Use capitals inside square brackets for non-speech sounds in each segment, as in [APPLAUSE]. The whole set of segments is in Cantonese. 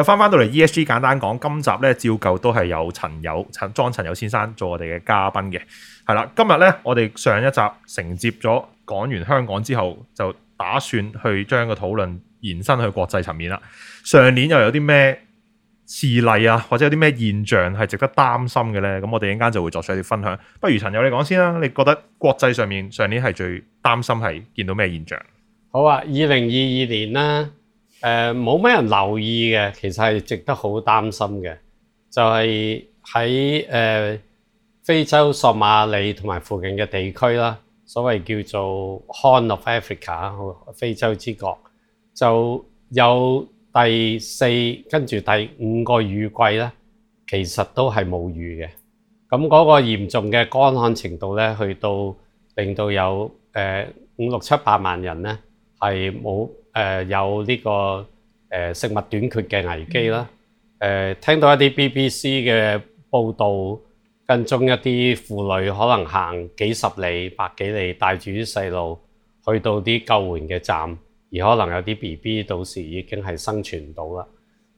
又翻翻到嚟 ESG，簡單講，今集咧照舊都係有陳友、陳莊陳友先生做我哋嘅嘉賓嘅，係啦。今日咧，我哋上一集承接咗講完香港之後，就打算去將個討論延伸去國際層面啦。上年又有啲咩事例啊，或者有啲咩現象係值得擔心嘅咧？咁我哋一陣間就會作出一啲分享。不如陳友你講先啦，你覺得國際上面上年係最擔心係見到咩現象？好啊，二零二二年啦。誒冇咩人留意嘅，其實係值得好擔心嘅，就係喺誒非洲索馬里同埋附近嘅地區啦，所謂叫做 Horn of Africa 非洲之角，就有第四跟住第五個雨季咧，其實都係冇雨嘅，咁、那、嗰個嚴重嘅乾旱程度咧，去到令到有誒五六七八萬人咧係冇。誒有呢個誒食物短缺嘅危機啦。誒聽到一啲 BBC 嘅報道，跟蹤一啲婦女可能行幾十里、百幾里，帶住啲細路去到啲救援嘅站，而可能有啲 BB 到時已經係生存唔到啦。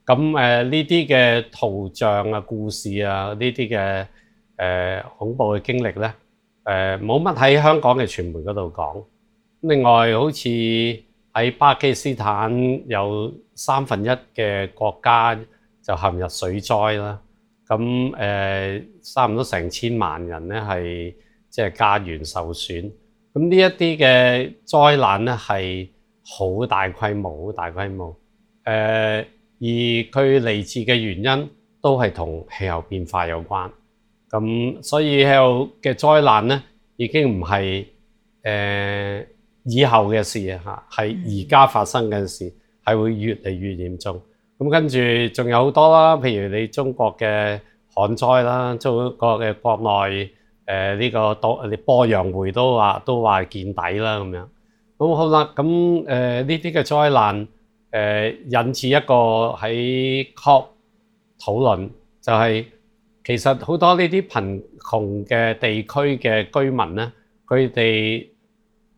咁誒呢啲嘅圖像啊、故事啊、呢啲嘅誒恐怖嘅經歷咧，誒冇乜喺香港嘅傳媒嗰度講。另外，好似～喺巴基斯坦有三分一嘅國家就陷入水災啦，咁、呃、差唔多成千萬人咧係即係家園受損，咁呢一啲嘅災難咧係好大規模，好大規模，誒、呃，而佢嚟自嘅原因都係同氣候變化有關，咁所以氣候嘅災難咧已經唔係誒。呃以後嘅事嚇，係而家發生嘅事，係會越嚟越嚴重。咁跟住仲有好多啦，譬如你中國嘅旱災啦，中國嘅國內誒呢、呃這個多，你鄱陽湖都話都話見底啦咁樣。咁好啦，咁誒呢啲嘅災難誒、呃、引致一個喺 COP 討論，就係、是、其實好多呢啲貧窮嘅地區嘅居民咧，佢哋。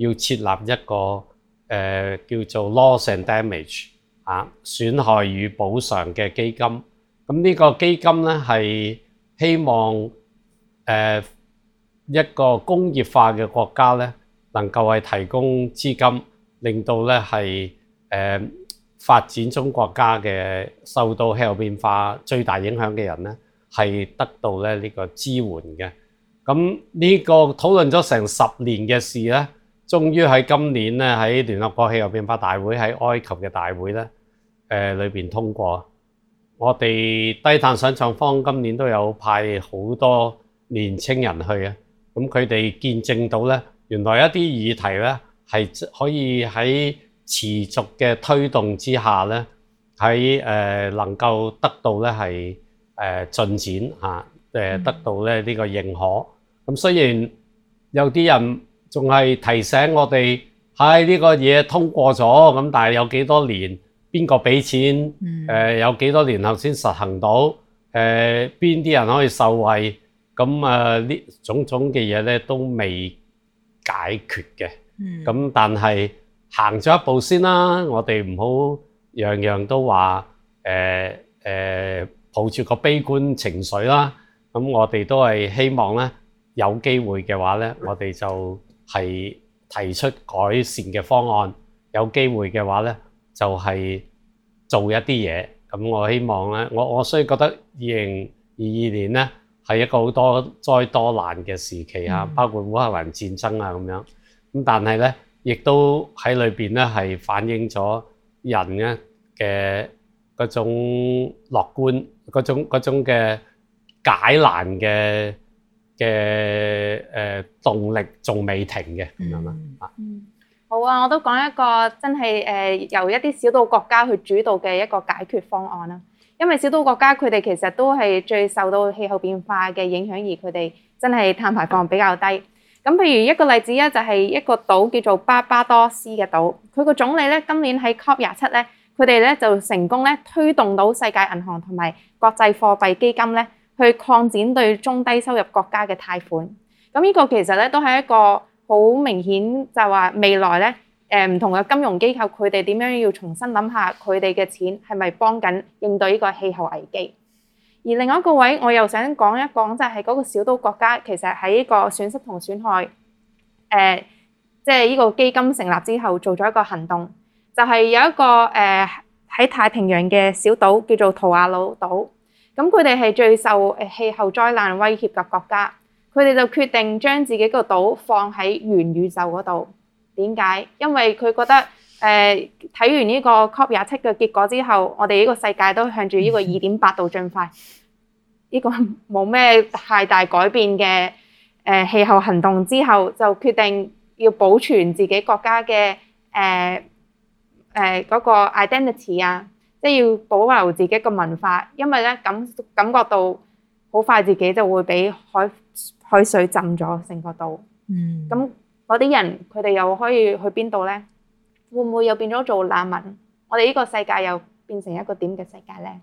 要設立一個誒叫做 Loss and Damage 啊損害與補償嘅基金。咁呢個基金咧係希望誒一個工業化嘅國家咧能夠係提供資金，令到咧係誒發展中國家嘅受到氣候變化最大影響嘅人咧係得到咧呢個支援嘅。咁呢個討論咗成十年嘅事咧。終於喺今年咧，喺聯合國氣候變化大會喺埃及嘅大會咧，誒裏邊通過。我哋低碳想創坊今年都有派好多年青人去嘅，咁佢哋見證到咧，原來一啲議題咧係可以喺持續嘅推動之下咧，喺誒能夠得到咧係誒進展嚇，誒得到咧呢個認可。咁雖然有啲人，仲係提醒我哋，係呢個嘢通過咗，咁但係有幾多年，邊個畀錢？誒，有幾多年後先實行到？誒，邊啲人可以受惠？咁啊，呢種種嘅嘢咧都未解決嘅。咁但係行咗一步先啦，我哋唔好樣樣都話誒誒，抱住個悲觀情緒啦。咁我哋都係希望咧，有機會嘅話咧，我哋就～係提出改善嘅方案，有機會嘅話咧，就係、是、做一啲嘢。咁我希望咧，我我雖然覺得二零二二年咧係一個好多災多難嘅時期啊，嗯、包括烏克蘭戰爭啊咁樣。咁但係咧，亦都喺裏邊咧係反映咗人咧嘅嗰種樂觀，嗰種嗰種嘅解難嘅嘅誒動力仲未停嘅，明嗎？啊，好啊！我都講一個真係誒由一啲小島國家去主導嘅一個解決方案啦。因為小島國家佢哋其實都係最受到氣候變化嘅影響，而佢哋真係碳排放比較低。咁譬如一個例子咧，就係一個島叫做巴巴多斯嘅島，佢個總理咧今年喺 COP 廿七咧，佢哋咧就成功咧推動到世界銀行同埋國際貨幣基金咧。去擴展對中低收入國家嘅貸款，咁呢個其實咧都係一個好明顯，就係話未來咧，誒唔同嘅金融機構佢哋點樣要重新諗下佢哋嘅錢係咪幫緊應對呢個氣候危機。而另外一個位，我又想講一講，就係嗰個小島國家其實喺呢個損失同損害，誒、呃，即係呢個基金成立之後做咗一個行動，就係、是、有一個誒喺、呃、太平洋嘅小島叫做圖瓦魯島。咁佢哋係最受氣候災難威脅嘅國家，佢哋就決定將自己個島放喺元宇宙嗰度。點解？因為佢覺得誒睇、呃、完呢個 COP 廿七嘅結果之後，我哋呢個世界都向住呢個二點八度進發，呢、呢個冇咩太大改變嘅誒、呃、氣候行動之後，就決定要保存自己國家嘅誒誒嗰個 identity 啊。即要保留自己嘅文化，因為咧感感覺到好快自己就會俾海海水浸咗成個島。嗯，咁嗰啲人佢哋又可以去邊度咧？會唔會又變咗做難民？我哋呢個世界又變成一個點嘅世界咧？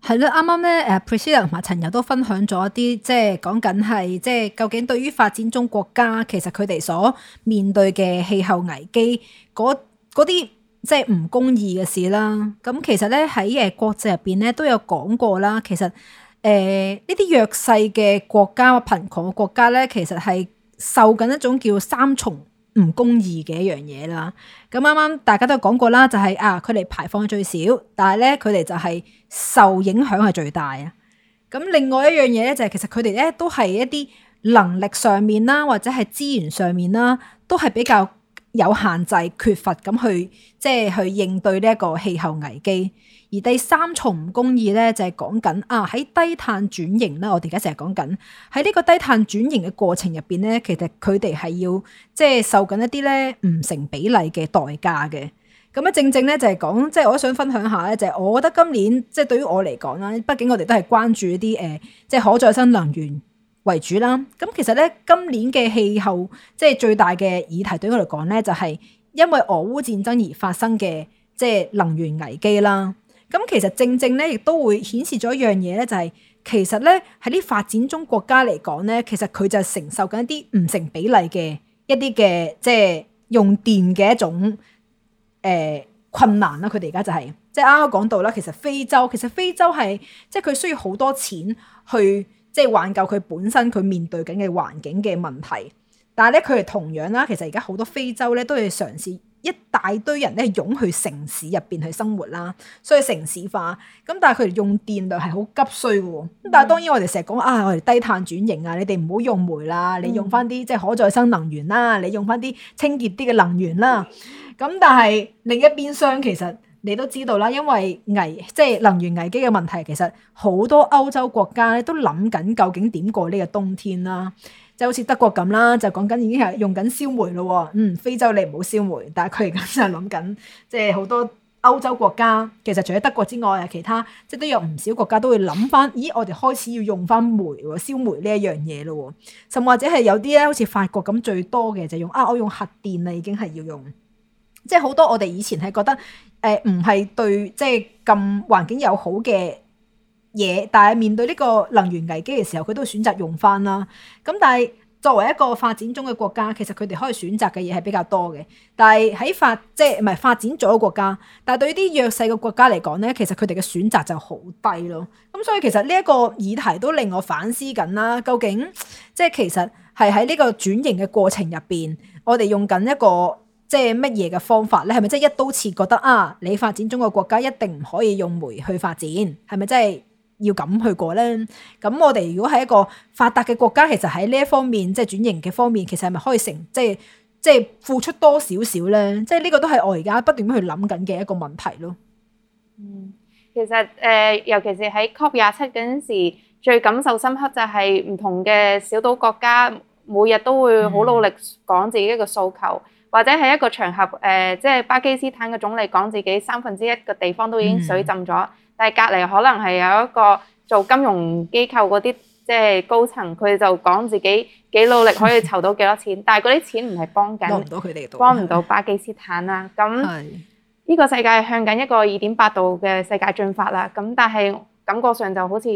係啦，啱啱咧誒 Priscilla 同埋陳柔都分享咗一啲，即係講緊，係即係究竟對於發展中國家，其實佢哋所面對嘅氣候危機嗰嗰啲。即係唔公義嘅事啦，咁其實咧喺誒國際入邊咧都有講過啦。其實誒呢啲弱勢嘅國家、貧窮嘅國家咧，其實係受緊一種叫三重唔公義嘅一樣嘢啦。咁啱啱大家都講過啦，就係啊佢哋排放最少，但係咧佢哋就係受影響係最大啊。咁另外一樣嘢咧就係其實佢哋咧都係一啲能力上面啦，或者係資源上面啦，都係比較。有限制、缺乏咁去，即係去應對呢一個氣候危機。而第三重唔公義咧，就係講緊啊喺低碳轉型啦，我哋而家成日講緊喺呢個低碳轉型嘅過程入邊咧，其實佢哋係要即係受緊一啲咧唔成比例嘅代價嘅。咁啊，正正咧就係講，即係我想分享下咧，就係我覺得今年即係對於我嚟講啦，畢竟我哋都係關注一啲誒，即係可再生能源。為主啦，咁其實咧今年嘅氣候即係最大嘅議題，對我嚟講咧就係因為俄烏戰爭而發生嘅即係能源危機啦。咁其實正正咧亦都會顯示咗一樣嘢咧，就係其實咧喺啲發展中國家嚟講咧，其實佢就係承受緊一啲唔成比例嘅一啲嘅即係用電嘅一種誒困難啦。佢哋而家就係即係啱啱講到啦，其實非洲其實非洲係即係佢需要好多錢去。即係挽救佢本身佢面對緊嘅環境嘅問題，但係咧佢哋同樣啦，其實而家好多非洲咧都係嘗試一大堆人咧湧去城市入邊去生活啦，所以城市化咁，但係佢哋用電量係好急需嘅喎。咁但係當然我哋成日講啊，我哋低碳轉型啊，你哋唔好用煤啦，你用返啲即係可再生能源啦，你用返啲清潔啲嘅能源啦。咁但係另一邊廂其實。你都知道啦，因為危即係能源危機嘅問題，其實好多歐洲國家咧都諗緊究竟點過呢個冬天啦。即係好似德國咁啦，就講緊已經係用緊燒煤咯。嗯，非洲你唔好燒煤，但係佢而家就諗緊，即係好多歐洲國家，其實除咗德國之外啊，其他即係都有唔少國家都會諗翻，咦，我哋開始要用翻煤燒煤呢一樣嘢咯喎。甚或者係有啲咧，好似法國咁最多嘅就用啊，我用核電啦，已經係要用。即係好多我哋以前係覺得誒唔係對即係咁環境友好嘅嘢，但係面對呢個能源危機嘅時候，佢都會選擇用返啦。咁但係作為一個發展中嘅國家，其實佢哋可以選擇嘅嘢係比較多嘅。但係喺發即係唔係發展咗嘅國家，但係對啲弱勢嘅國家嚟講咧，其實佢哋嘅選擇就好低咯。咁所以其實呢一個議題都令我反思緊啦。究竟即係其實係喺呢個轉型嘅過程入邊，我哋用緊一個。即係乜嘢嘅方法咧？係咪即係一刀切？覺得啊，你發展中國國家一定唔可以用煤去發展，係咪真係要咁去過咧？咁我哋如果係一個發達嘅國家，其實喺呢一方面即係轉型嘅方面，其實係咪可以成即係即係付出多少少咧？即係呢個都係我而家不斷去諗緊嘅一個問題咯。嗯，其實誒、呃，尤其是喺 COP 廿七嗰陣時，最感受深刻就係唔同嘅小島國家每日都會好努力講自己一個訴求。嗯或者喺一個場合，誒，即係巴基斯坦嘅總理講自己三分之一嘅地方都已經水浸咗，嗯、但係隔離可能係有一個做金融機構嗰啲即係高層，佢就講自己幾努力可以籌到幾多錢，嗯、但係嗰啲錢唔係幫緊，幫唔到佢哋，幫唔到巴基斯坦啦。咁呢個世界係向緊一個二點八度嘅世界進發啦。咁但係感覺上就好似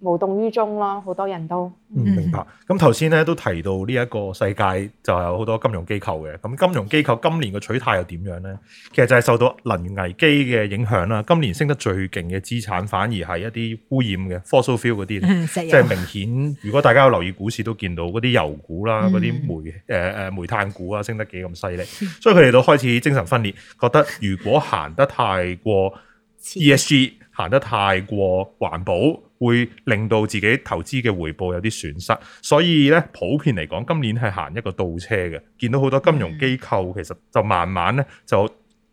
無動於衷咯，好多人都、嗯、明白。咁頭先咧都提到呢一個世界就有好多金融機構嘅，咁金融機構今年嘅取態又點樣咧？其實就係受到能源危機嘅影響啦。今年升得最勁嘅資產反而係一啲污染嘅 fossil fuel 嗰啲，嗯、即係明顯。嗯、如果大家有留意股市，都見到嗰啲油股啦，嗰啲、嗯、煤、呃、煤炭股啊，升得幾咁犀利。嗯、所以佢哋都開始精神分裂，覺得如果行得太過 ESG，行得太過環保。會令到自己投資嘅回報有啲損失，所以咧普遍嚟講，今年係行一個倒車嘅，見到好多金融機構其實就慢慢咧就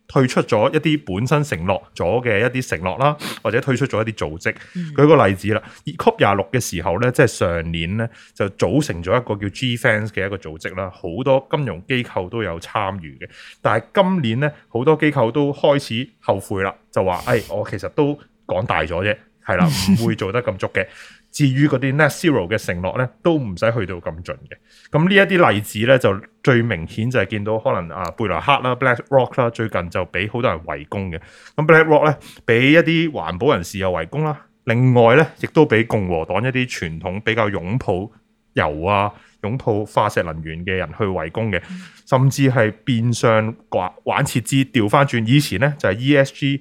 退出咗一啲本身承諾咗嘅一啲承諾啦，或者退出咗一啲組織。舉個例子啦，COP 廿六嘅時候咧，即係上年咧就組成咗一個叫 GFANZ 嘅一個組織啦，好多金融機構都有參與嘅，但係今年咧好多機構都開始後悔啦，就話：，誒、哎，我其實都講大咗啫。係啦，唔會做得咁足嘅。至於嗰啲 Net Zero 嘅承諾咧，都唔使去到咁盡嘅。咁呢一啲例子咧，就最明顯就係見到可能啊貝萊克啦、Black Rock 啦，最近就俾好多人圍攻嘅。咁 Black Rock 咧，俾一啲環保人士又圍攻啦。另外咧，亦都俾共和黨一啲傳統比較擁抱油啊、擁抱化石能源嘅人去圍攻嘅。甚至係變相玩玩撤資，調翻轉以前咧就係、是、ESG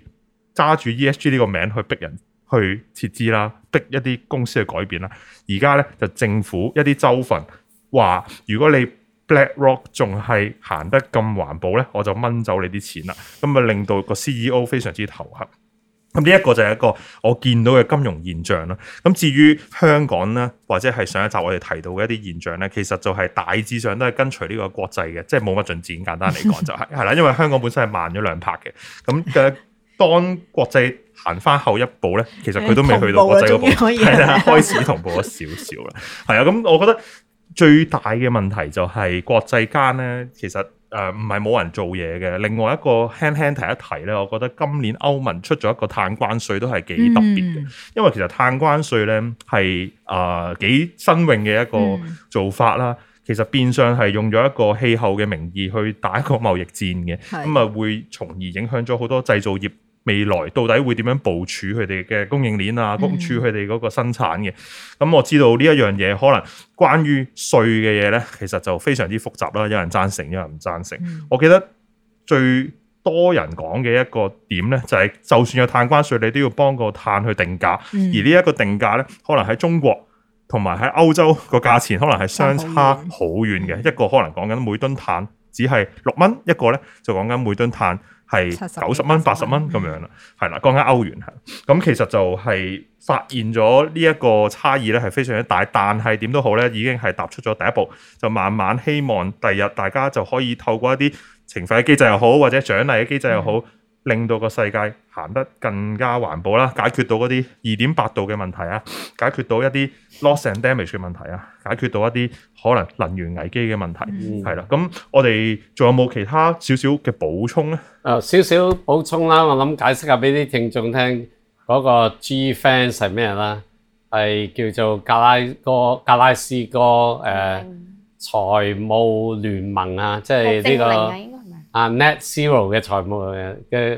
揸住 ESG 呢個名去逼人。去撤資啦，逼一啲公司去改變啦。而家咧就政府一啲州份話，如果你 BlackRock 仲係行得咁環保咧，我就掹走你啲錢啦。咁啊令到個 CEO 非常之頭痕。咁呢一個就係一個我見到嘅金融現象啦。咁至於香港咧，或者係上一集我哋提到嘅一啲現象咧，其實就係大致上都係跟隨呢個國際嘅，即係冇乜進展。簡單嚟講就係係啦，因為香港本身係慢咗兩拍嘅。咁嘅當國際，行翻後一步咧，其實佢都未去到國際嗰步，係啦，開始同步咗少少啦。係啊， [LAUGHS] 咁我覺得最大嘅問題就係國際間咧，其實誒唔係冇人做嘢嘅。另外一個輕輕提一提咧，我覺得今年歐盟出咗一個碳關稅都係幾特別嘅，嗯、因為其實碳關稅咧係啊幾新穎嘅一個做法啦。嗯、其實變相係用咗一個氣候嘅名義去打一個貿易戰嘅，咁啊是的 會從而影響咗好多製造業。未來到底會點樣部署佢哋嘅供應鏈啊？供處佢哋嗰個生產嘅，咁、嗯、我知道呢一樣嘢可能關於稅嘅嘢咧，其實就非常之複雜啦。有人贊成，有人唔贊成。嗯、我記得最多人講嘅一個點咧，就係、是、就算有碳關稅，你都要幫個碳去定價。嗯、而呢一個定價咧，可能喺中國同埋喺歐洲個價錢，碳可能係相差好遠嘅。碳一個可能講緊每噸碳只係六蚊，一個咧就講緊每噸碳。係九十蚊、八十蚊咁樣啦，係啦，講緊歐元，係咁，其實就係發現咗呢一個差異咧，係非常之大。但係點都好咧，已經係踏出咗第一步，就慢慢希望第日大家就可以透過一啲懲罰嘅機制又好，或者獎勵嘅機制又好，嗯、令到個世界。行得更加環保啦，解決到嗰啲二點八度嘅問題啊，解決到一啲 loss and damage 嘅問題啊，解決到一啲可能能源危機嘅問題係啦。咁、嗯、我哋仲有冇其他少少嘅補充咧？誒少少補充啦，我諗解釋下俾啲聽眾聽嗰、那個 GFANZ 係咩啦，係叫做格拉哥格拉斯哥誒、呃嗯、財務聯盟啊，即係呢、這個啊，啊 Net Zero 嘅財務嘅。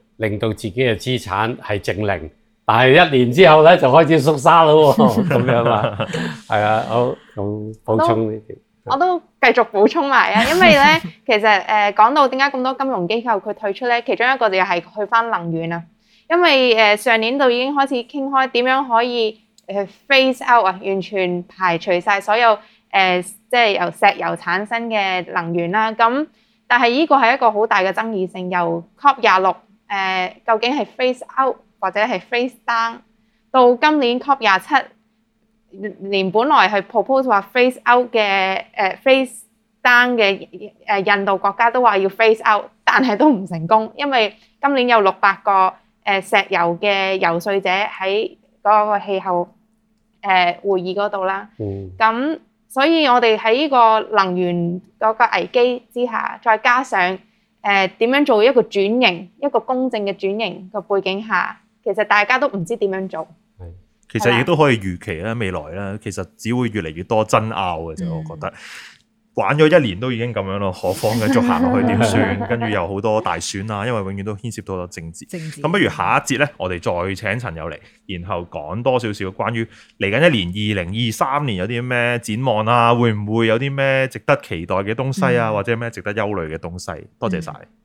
令到自己嘅資產係淨零，但係一年之後咧就開始縮沙啦喎，咁樣啊，係啊，好，咁補充呢條，我都繼續補充埋啊，因為咧其實誒講到點解咁多金融機構佢退出咧，其中一個就係去翻能源啊，因為誒上年度已經開始傾開點樣可以誒 phase out 啊，完全排除曬所有誒即係由石油產生嘅能源啦，咁但係呢個係一個好大嘅爭議性，由 COP26。誒，究竟係 phase out 或者係 phase down？到今年 COP 廿七年，本來係 proposal 話 phase out 嘅、誒 phase down 嘅誒印度國家都話要 phase out，但係都唔成功，因為今年有六百個誒石油嘅遊説者喺嗰個氣候誒會議嗰度啦。嗯。咁，所以我哋喺呢個能源嗰個危機之下，再加上，誒、呃、點樣做一個轉型，一個公正嘅轉型嘅背景下，其實大家都唔知點樣做。其實亦都可以預期啦，未來啦吧，其實只會越嚟越多爭拗嘅啫，我覺得。嗯玩咗一年都已經咁樣咯，何況繼續行落去點算？跟住又好多大選啊，因為永遠都牽涉到政治。咁治不如下一節咧，我哋再請陳友嚟，然後講多少少關於嚟緊一年二零二三年有啲咩展望啊？會唔會有啲咩值得期待嘅東西啊？嗯、或者咩值得憂慮嘅東西？多謝晒。嗯